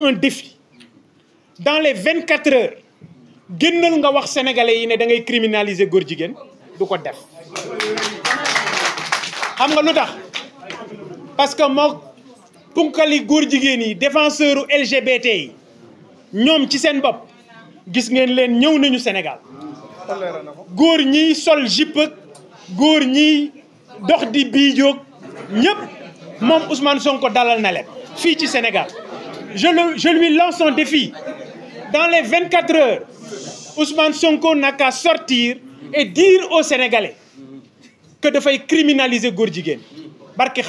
un défi dans les 24 heures génnal nga wax sénégalais yi ne da ngay criminaliser góor jigéen du def xam parce que moi, punkali que jigéen yi défenseur LGBT yi ñoom ci seen bopp gis ngeen leen ñëw Sénégal Gourni, sol Jipek, Gourni góor ñiy dox di biijoog ñëpp moom Ousmane Sonko dalal na Sénégal je, lui lance un défi. Dans les 24 heures, Ousmane Sonko n'a qu'à sortir et dire aux Sénégalais que de faire criminaliser góor Parce que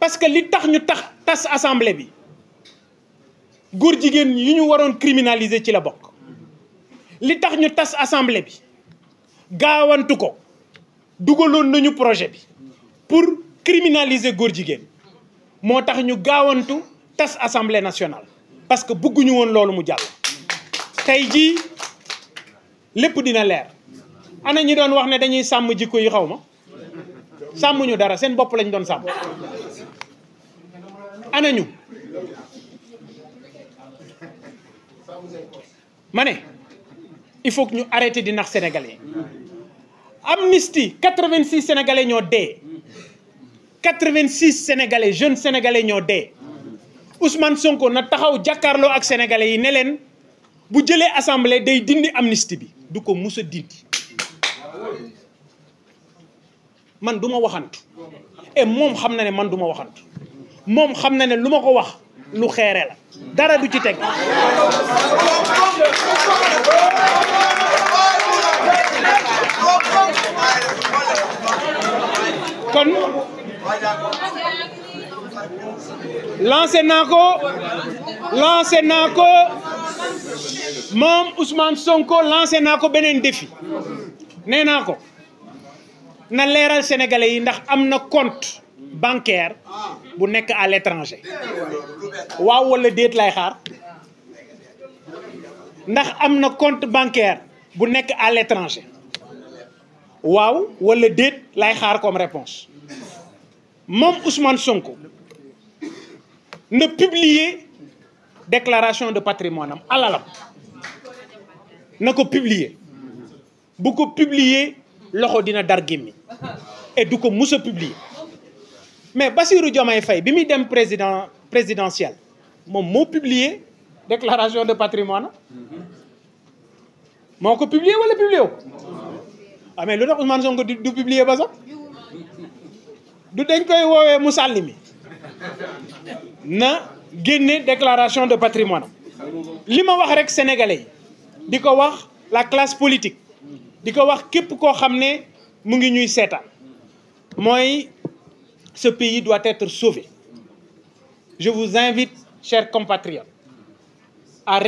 parce que li tax ñu tax tas assemblée bi góor criminaliser la bokk li tax ñu tas assemblée bi a ko projet pour criminaliser góor jigéen nous avons ñu tout... tas assemblée nationale parce que bëgguñu woon loolu mu jàll tey jii lépp dina leer ana ñi doon wax ne dañuy sàmm jikko yi xaw ma sàmmuñu dara seen bopp lañ doon avons ana ñu il faut que nous arrêtions de nax sénégalais amnistie 86 sénégalais ñoo dé. 86 sénégalais jeunes sénégalais ñoo dee Ousmane Sonko na taxaw jàkkaarloo ak sénégalais yi ne bu jëlee assemblée day dindi amnistie bi du ko mus a dindi man du ma waxantu et moom xam na ne man du ma waxantu moom xam lu ma ko wax lu xeere la dara du ci teg. lancez Nako, lancez Nako, Mom Ousmane Sonko lance Nako ko défi né naa na sénégalais yi ndax am compte bancaire bu nek à l'étranger waaw wala dit lay xaar ndax am compte bancaire bu nek à l'étranger waaw wala déet lay xaar comme réponse même Ousmane Sonko ne publier déclaration de patrimoine Alala. alalam na publier Beaucoup publier loxo dina dar et du coup, publier mais Bassirou Diomaye Faye bi muy dem président présidentiel Mon mot publier déclaration de patrimoine Mon ko publier wala publier ah mais le Ousmane Sonko du publier ba nous avons koy woowee déclaration de patrimoine Ce sénégalais c'est la classe politique ce pays doit être sauvé je vous invite chers compatriotes à